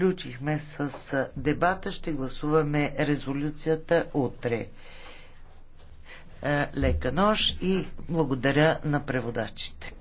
Включихме с дебата, ще гласуваме резолюцията утре. Е, лека нощ и благодаря на преводачите.